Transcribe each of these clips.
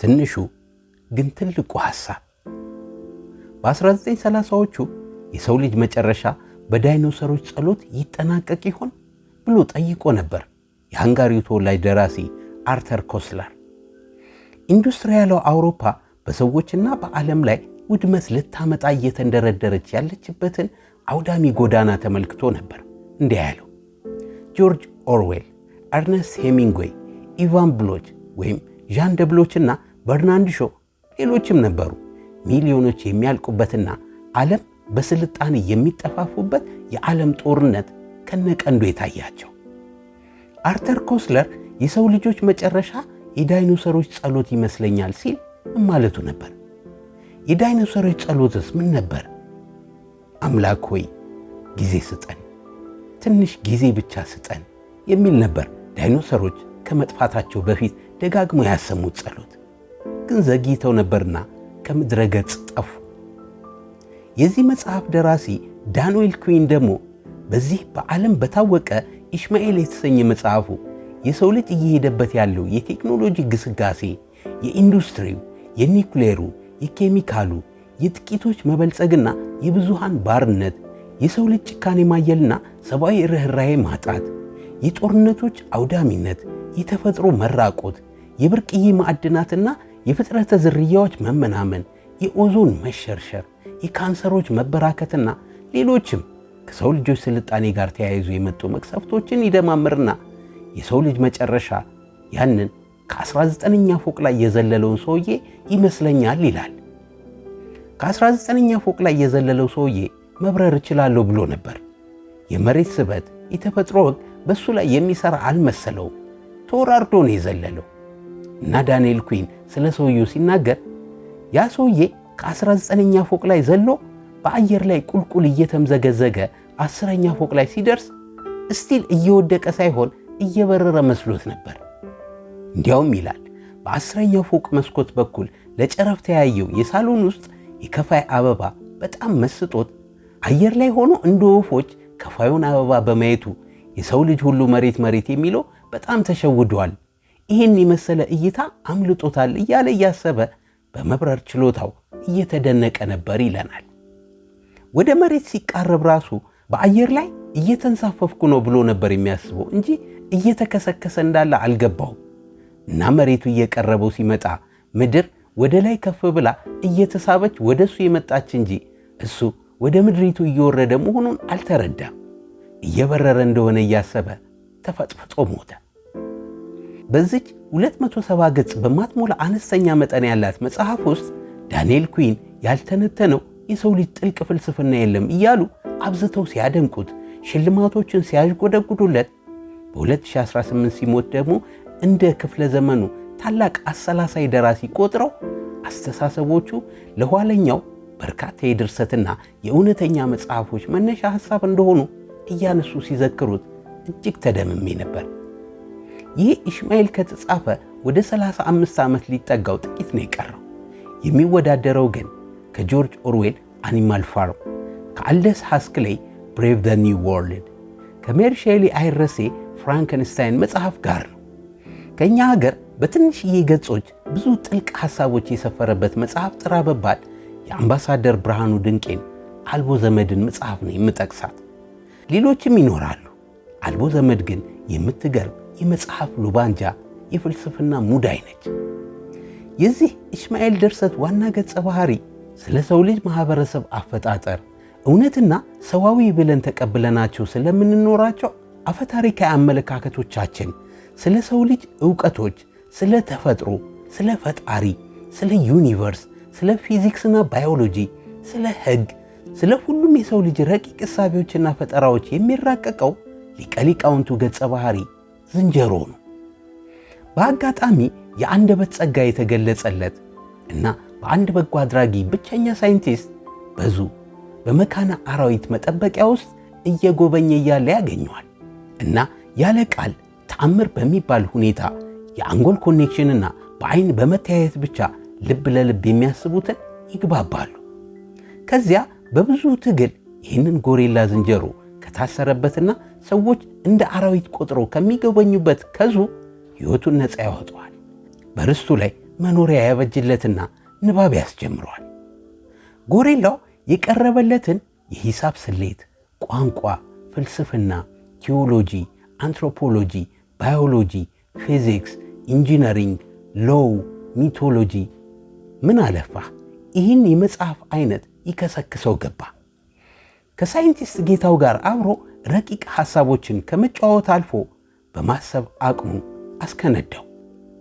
ትንሹ ግን ትልቁ ሐሳብ በ1930ዎቹ የሰው ልጅ መጨረሻ በዳይኖሰሮች ጸሎት ይጠናቀቅ ይሆን ብሎ ጠይቆ ነበር የሃንጋሪው ተወላጅ ደራሲ አርተር ኮስላር። ያለው አውሮፓ በሰዎችና በዓለም ላይ ውድመት ልታመጣ እየተንደረደረች ያለችበትን አውዳሚ ጎዳና ተመልክቶ ነበር። እንዲህ ያለው ጆርጅ ኦርዌል፣ ኤርነስት ሄሚንግዌይ፣ ኢቫን ብሎች ወይም ዣን ደብሎችና በርናንድ ሾ፣ ሌሎችም ነበሩ። ሚሊዮኖች የሚያልቁበትና ዓለም በስልጣኔ የሚጠፋፉበት የዓለም ጦርነት ከነቀንዱ የታያቸው አርተር ኮስለር የሰው ልጆች መጨረሻ የዳይኖሰሮች ጸሎት ይመስለኛል ሲል ማለቱ ነበር። የዳይኖሰሮች ጸሎትስ ምን ነበር? አምላክ ሆይ ጊዜ ስጠን፣ ትንሽ ጊዜ ብቻ ስጠን የሚል ነበር። ዳይኖሰሮች ከመጥፋታቸው በፊት ደጋግሞ ያሰሙት ጸሎት ግን ዘግይተው ነበርና ከምድረ ገጽ ጠፉ። የዚህ መጽሐፍ ደራሲ ዳንኤል ኩዊን ደግሞ በዚህ በዓለም በታወቀ ኢሽማኤል የተሰኘ መጽሐፉ የሰው ልጅ እየሄደበት ያለው የቴክኖሎጂ ግስጋሴ፣ የኢንዱስትሪው፣ የኒውክሌሩ፣ የኬሚካሉ፣ የጥቂቶች መበልጸግና የብዙሃን ባርነት፣ የሰው ልጅ ጭካኔ ማየልና ሰብአዊ ርኅራዬ ማጣት፣ የጦርነቶች አውዳሚነት፣ የተፈጥሮ መራቆት፣ የብርቅዬ ማዕድናትና የፍጥረተ ዝርያዎች መመናመን፣ የኦዞን መሸርሸር፣ የካንሰሮች መበራከትና ሌሎችም ከሰው ልጆች ስልጣኔ ጋር ተያይዞ የመጡ መቅሰፍቶችን ይደማምርና የሰው ልጅ መጨረሻ ያንን ከ19ኛ ፎቅ ላይ የዘለለውን ሰውዬ ይመስለኛል ይላል። ከ19ኛ ፎቅ ላይ የዘለለው ሰውዬ መብረር እችላለሁ ብሎ ነበር። የመሬት ስበት፣ የተፈጥሮ ሕግ በእሱ ላይ የሚሠራ አልመሰለውም። ተወራርዶ ነው የዘለለው እና ዳንኤል ኩዊን ስለ ሰውየው ሲናገር ያ ሰውዬ ከ19ኛ ፎቅ ላይ ዘሎ በአየር ላይ ቁልቁል እየተምዘገዘገ አስረኛ ፎቅ ላይ ሲደርስ እስቲል እየወደቀ ሳይሆን እየበረረ መስሎት ነበር። እንዲያውም ይላል በአስረኛው ፎቅ መስኮት በኩል ለጨረፍታ ያየው የሳሎን ውስጥ የከፋይ አበባ በጣም መስጦት አየር ላይ ሆኖ እንደ ወፎች ከፋዩን አበባ በማየቱ የሰው ልጅ ሁሉ መሬት መሬት የሚለው በጣም ተሸውዷል ይህን የመሰለ እይታ አምልጦታል እያለ እያሰበ በመብረር ችሎታው እየተደነቀ ነበር ይለናል። ወደ መሬት ሲቃረብ ራሱ በአየር ላይ እየተንሳፈፍኩ ነው ብሎ ነበር የሚያስበው እንጂ እየተከሰከሰ እንዳለ አልገባውም። እና መሬቱ እየቀረበው ሲመጣ ምድር ወደ ላይ ከፍ ብላ እየተሳበች ወደ እሱ የመጣች እንጂ እሱ ወደ ምድሪቱ እየወረደ መሆኑን አልተረዳም። እየበረረ እንደሆነ እያሰበ ተፈጥፍጦ ሞተ። በዚች 270 ገጽ በማትሞላ አነስተኛ መጠን ያላት መጽሐፍ ውስጥ ዳንኤል ኩዊን ያልተነተነው የሰው ልጅ ጥልቅ ፍልስፍና የለም እያሉ አብዝተው ሲያደንቁት፣ ሽልማቶችን ሲያዥጎደጉዱለት በ2018 ሲሞት ደግሞ እንደ ክፍለ ዘመኑ ታላቅ አሰላሳይ ደራሲ ቆጥረው አስተሳሰቦቹ ለኋለኛው በርካታ የድርሰትና የእውነተኛ መጽሐፎች መነሻ ሐሳብ እንደሆኑ እያነሱ ሲዘክሩት እጅግ ተደምሜ ነበር። ይህ ኢሽማኤል ከተጻፈ ወደ 35 ዓመት ሊጠጋው ጥቂት ነው የቀረው። የሚወዳደረው ግን ከጆርጅ ኦርዌል አኒማል ፋርም፣ ከአልደስ ሃስክሌይ ብሬቭ ዘ ኒው ወርልድ፣ ከሜሪ ሼሊ አይረሴ ፍራንከንስታይን መጽሐፍ ጋር ነው። ከእኛ ሀገር በትንሽዬ ገጾች ብዙ ጥልቅ ሐሳቦች የሰፈረበት መጽሐፍ ጥራ በባል የአምባሳደር ብርሃኑ ድንቄን አልቦ ዘመድን መጽሐፍ ነው የምጠቅሳት። ሌሎችም ይኖራሉ። አልቦ ዘመድ ግን የምትገርም የመጽሐፍ ሉባንጃ የፍልስፍና ሙዳይ ነች። የዚህ እስማኤል ድርሰት ዋና ገጸ ባህሪ ስለ ሰው ልጅ ማህበረሰብ አፈጣጠር እውነትና ሰዋዊ ብለን ተቀብለናቸው ስለምንኖራቸው አፈታሪካዊ አመለካከቶቻችን፣ ስለ ሰው ልጅ እውቀቶች፣ ስለ ተፈጥሮ፣ ስለ ፈጣሪ፣ ስለ ዩኒቨርስ፣ ስለ ፊዚክስና ባዮሎጂ፣ ስለ ሕግ፣ ስለ ሁሉም የሰው ልጅ ረቂቅ ሳቢዎችና ፈጠራዎች የሚራቀቀው ሊቀ ሊቃውንቱ ገጸ ባህሪ ዝንጀሮ ነው። በአጋጣሚ የአንደበት ጸጋ የተገለጸለት እና በአንድ በጎ አድራጊ ብቸኛ ሳይንቲስት በዙ በመካነ አራዊት መጠበቂያ ውስጥ እየጎበኘ እያለ ያገኘዋል እና ያለ ቃል ተአምር በሚባል ሁኔታ የአንጎል ኮኔክሽንና በአይን በመተያየት ብቻ ልብ ለልብ የሚያስቡትን ይግባባሉ። ከዚያ በብዙ ትግል ይህንን ጎሬላ ዝንጀሮ ከታሰረበትና ሰዎች እንደ አራዊት ቆጥሮ ከሚጎበኙበት ከዙ ሕይወቱን ነፃ ያወጠዋል። በርስቱ ላይ መኖሪያ ያበጅለትና ንባብ ያስጀምረዋል። ጎሪላው የቀረበለትን የሂሳብ ስሌት፣ ቋንቋ፣ ፍልስፍና፣ ቴዎሎጂ፣ አንትሮፖሎጂ፣ ባዮሎጂ፣ ፊዚክስ፣ ኢንጂነሪንግ፣ ሎው፣ ሚቶሎጂ ምን አለፋህ ይህን የመጽሐፍ አይነት ይከሰክሰው ገባ። ከሳይንቲስት ጌታው ጋር አብሮ ረቂቅ ሐሳቦችን ከመጫወት አልፎ በማሰብ አቅሙ አስከነዳው።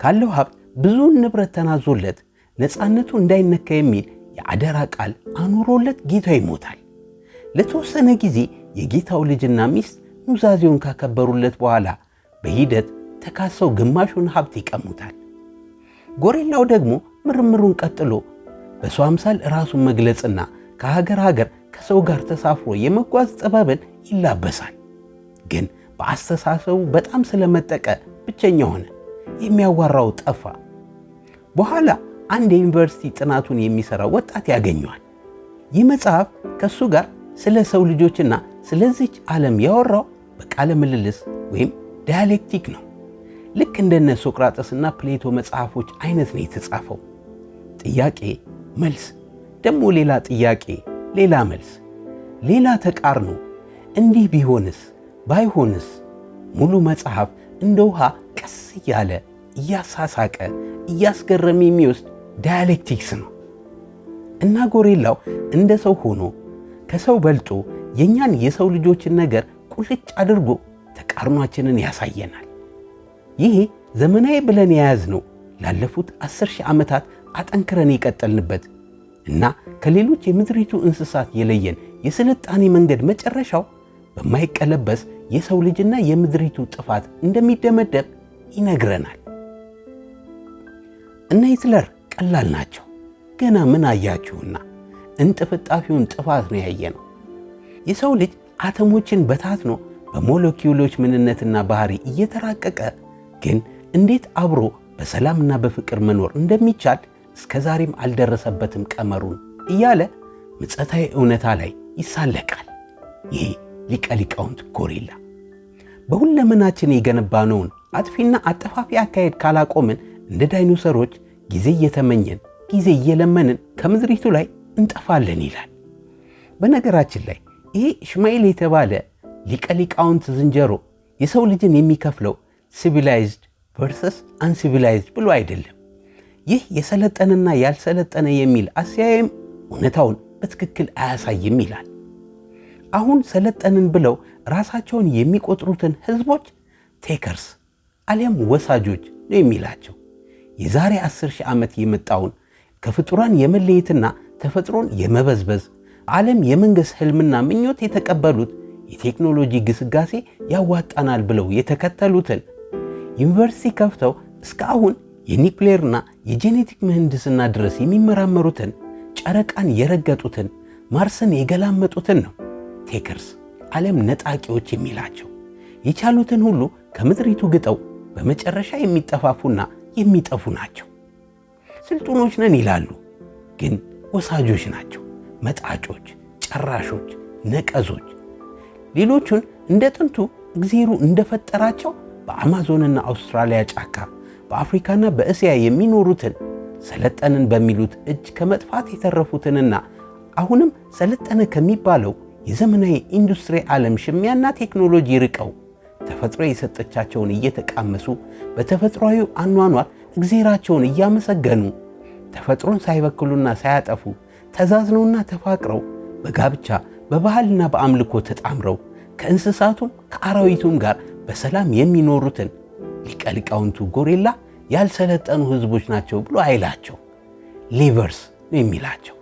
ካለው ሀብት ብዙውን ንብረት ተናዞለት ነፃነቱ እንዳይነካ የሚል የአደራ ቃል አኑሮለት ጌታው ይሞታል። ለተወሰነ ጊዜ የጌታው ልጅና ሚስት ኑዛዜውን ካከበሩለት በኋላ በሂደት ተካሰው ግማሹን ሀብት ይቀሙታል። ጎሪላው ደግሞ ምርምሩን ቀጥሎ በሰው አምሳል ራሱን መግለጽና ከሀገር ሀገር ከሰው ጋር ተሳፍሮ የመጓዝ ጥበብን ይላበሳል። ግን በአስተሳሰቡ በጣም ስለመጠቀ ብቸኛ ሆነ፣ የሚያዋራው ጠፋ። በኋላ አንድ የዩኒቨርሲቲ ጥናቱን የሚሰራ ወጣት ያገኘዋል። ይህ መጽሐፍ ከእሱ ጋር ስለ ሰው ልጆችና ስለዚች ዓለም ያወራው በቃለ ምልልስ ወይም ዳያሌክቲክ ነው። ልክ እንደነ ሶቅራጠስና ፕሌቶ መጽሐፎች አይነት ነው የተጻፈው። ጥያቄ መልስ፣ ደግሞ ሌላ ጥያቄ፣ ሌላ መልስ፣ ሌላ ተቃርኖ እንዲህ ቢሆንስ ባይሆንስ ሙሉ መጽሐፍ እንደ ውሃ ቀስ እያለ እያሳሳቀ እያስገረመ የሚወስድ ዳያሌክቲክስ ነው እና ጎሪላው እንደ ሰው ሆኖ ከሰው በልጦ የእኛን የሰው ልጆችን ነገር ቁልጭ አድርጎ ተቃርኗችንን ያሳየናል። ይሄ ዘመናዊ ብለን የያዝነው ላለፉት አስር ሺህ ዓመታት አጠንክረን የቀጠልንበት እና ከሌሎች የምድሪቱ እንስሳት የለየን የስልጣኔ መንገድ መጨረሻው በማይቀለበስ የሰው ልጅና የምድሪቱ ጥፋት እንደሚደመደም ይነግረናል። እነ ሂትለር ቀላል ናቸው። ገና ምን አያችሁና እንጥፍጣፊውን ጥፋት ነው ነው። የሰው ልጅ አተሞችን በታትኖ በሞለኪውሎች ምንነትና ባህሪ እየተራቀቀ ግን እንዴት አብሮ በሰላምና በፍቅር መኖር እንደሚቻል እስከ ዛሬም አልደረሰበትም ቀመሩን እያለ ምጸታዊ እውነታ ላይ ይሳለቃል። ይሄ ሊቀሊቃውንት ጎሪላ በሁለመናችን የገነባነውን አጥፊና አጠፋፊ አካሄድ ካላቆምን እንደ ዳይኖሰሮች ጊዜ እየተመኘን ጊዜ እየለመንን ከምድሪቱ ላይ እንጠፋለን ይላል። በነገራችን ላይ ይሄ ሽማኤል የተባለ ሊቀሊቃውንት ዝንጀሮ የሰው ልጅን የሚከፍለው ሲቪላይዝድ ቨርሰስ አንሲቪላይዝድ ብሎ አይደለም። ይህ የሰለጠነና ያልሰለጠነ የሚል አስያየም እውነታውን በትክክል አያሳይም ይላል። አሁን ሰለጠንን ብለው ራሳቸውን የሚቆጥሩትን ህዝቦች ቴከርስ አሊያም ወሳጆች ነው የሚላቸው። የዛሬ 10 ሺህ ዓመት የመጣውን ከፍጡራን የመለየትና ተፈጥሮን የመበዝበዝ ዓለም የመንገስ ህልምና ምኞት የተቀበሉት የቴክኖሎጂ ግስጋሴ ያዋጣናል ብለው የተከተሉትን ዩኒቨርሲቲ ከፍተው እስከ አሁን የኒውክሌርና የጄኔቲክ ምህንድስና ድረስ የሚመራመሩትን ጨረቃን የረገጡትን ማርስን የገላመጡትን ነው። ቴከርስ ዓለም ነጣቂዎች የሚላቸው የቻሉትን ሁሉ ከምድሪቱ ግጠው በመጨረሻ የሚጠፋፉና የሚጠፉ ናቸው። ስልጡኖች ነን ይላሉ፣ ግን ወሳጆች ናቸው። መጣጮች፣ ጨራሾች፣ ነቀዞች ሌሎቹን እንደ ጥንቱ እግዜሩ እንደፈጠራቸው በአማዞንና አውስትራሊያ ጫካ በአፍሪካና በእስያ የሚኖሩትን ሰለጠንን በሚሉት እጅ ከመጥፋት የተረፉትንና አሁንም ሰለጠነ ከሚባለው የዘመናዊ ኢንዱስትሪ ዓለም ሽሚያና ቴክኖሎጂ ርቀው ተፈጥሮ የሰጠቻቸውን እየተቃመሱ በተፈጥሯዊ አኗኗር እግዜራቸውን እያመሰገኑ ተፈጥሮን ሳይበክሉና ሳያጠፉ ተዛዝነውና ተፋቅረው በጋብቻ በባህልና በአምልኮ ተጣምረው ከእንስሳቱም ከአራዊቱም ጋር በሰላም የሚኖሩትን ሊቀ ሊቃውንቱ ጎሬላ ያልሰለጠኑ ህዝቦች ናቸው ብሎ አይላቸው። ሌቨርስ ነው የሚላቸው።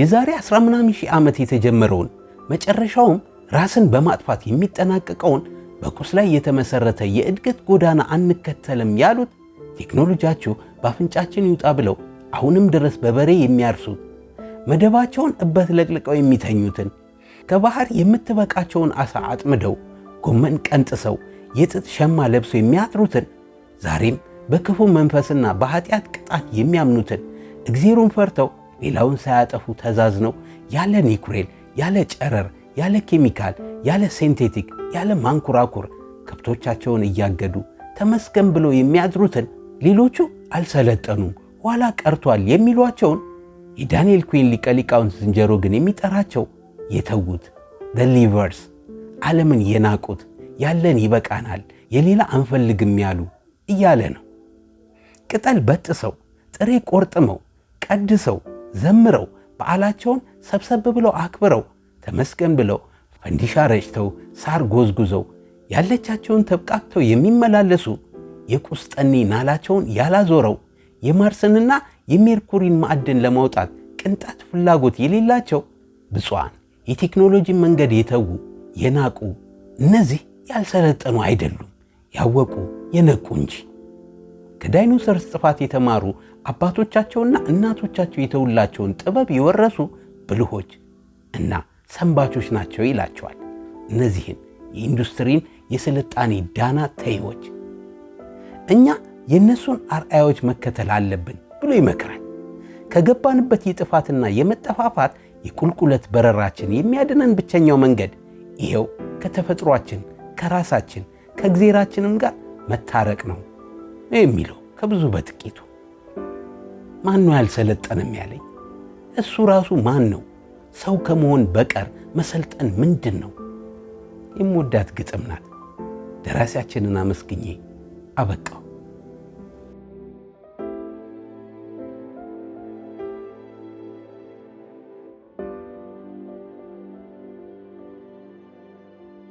የዛሬ 10 ምናምን ሺህ ዓመት የተጀመረውን መጨረሻውም ራስን በማጥፋት የሚጠናቀቀውን በቁስ ላይ የተመሰረተ የእድገት ጎዳና አንከተልም ያሉት ቴክኖሎጂያችሁ በአፍንጫችን ይውጣ ብለው አሁንም ድረስ በበሬ የሚያርሱት መደባቸውን እበት ለቅልቀው የሚተኙትን ከባህር የምትበቃቸውን አሳ አጥምደው ጎመን ቀንጥሰው የጥጥ ሸማ ለብሰው የሚያጥሩትን ዛሬም በክፉ መንፈስና በኃጢአት ቅጣት የሚያምኑትን እግዜሩን ፈርተው ሌላውን ሳያጠፉ ተዛዝነው ያለ ኒኩሬል ያለ ጨረር፣ ያለ ኬሚካል፣ ያለ ሴንቴቲክ፣ ያለ ማንኮራኩር ከብቶቻቸውን እያገዱ ተመስገን ብሎ የሚያድሩትን ሌሎቹ አልሰለጠኑም ኋላ ቀርቷል የሚሏቸውን የዳንኤል ኩን ሊቀሊቃውን ዝንጀሮ ግን የሚጠራቸው የተዉት ሊቨርስ ዓለምን የናቁት ያለን ይበቃናል የሌላ አንፈልግም ያሉ እያለ ነው። ቅጠል በጥሰው ጥሬ ቆርጥመው ቀድሰው ዘምረው በዓላቸውን ሰብሰብ ብለው አክብረው ተመስገን ብለው ፈንዲሻ ረጭተው ሳር ጎዝጉዘው ያለቻቸውን ተብቃቅተው የሚመላለሱ የቁስጠኔ ናላቸውን ያላዞረው የማርስንና የሜርኩሪን ማዕድን ለማውጣት ቅንጣት ፍላጎት የሌላቸው ብፁዓን የቴክኖሎጂ መንገድ የተዉ የናቁ እነዚህ ያልሰለጠኑ አይደሉም፣ ያወቁ የነቁ እንጂ። ከዳይኖሰርስ ጥፋት የተማሩ አባቶቻቸውና እናቶቻቸው የተውላቸውን ጥበብ የወረሱ ብልሆች እና ሰንባቾች ናቸው ይላቸዋል። እነዚህን የኢንዱስትሪን የስልጣኔ ዳና ተይዎች እኛ የእነሱን አርአያዎች መከተል አለብን ብሎ ይመክራል። ከገባንበት የጥፋትና የመጠፋፋት የቁልቁለት በረራችን የሚያድነን ብቸኛው መንገድ ይኸው ከተፈጥሯችን ከራሳችን ከእግዜራችንም ጋር መታረቅ ነው የሚለው ከብዙ በጥቂቱ ማን ነው ያልሰለጠንም ያለኝ? እሱ ራሱ ማን ነው? ሰው ከመሆን በቀር መሰልጠን ምንድን ነው? የምወዳት ግጥም ናት። ደራሲያችንን አመስግኜ አበቃው።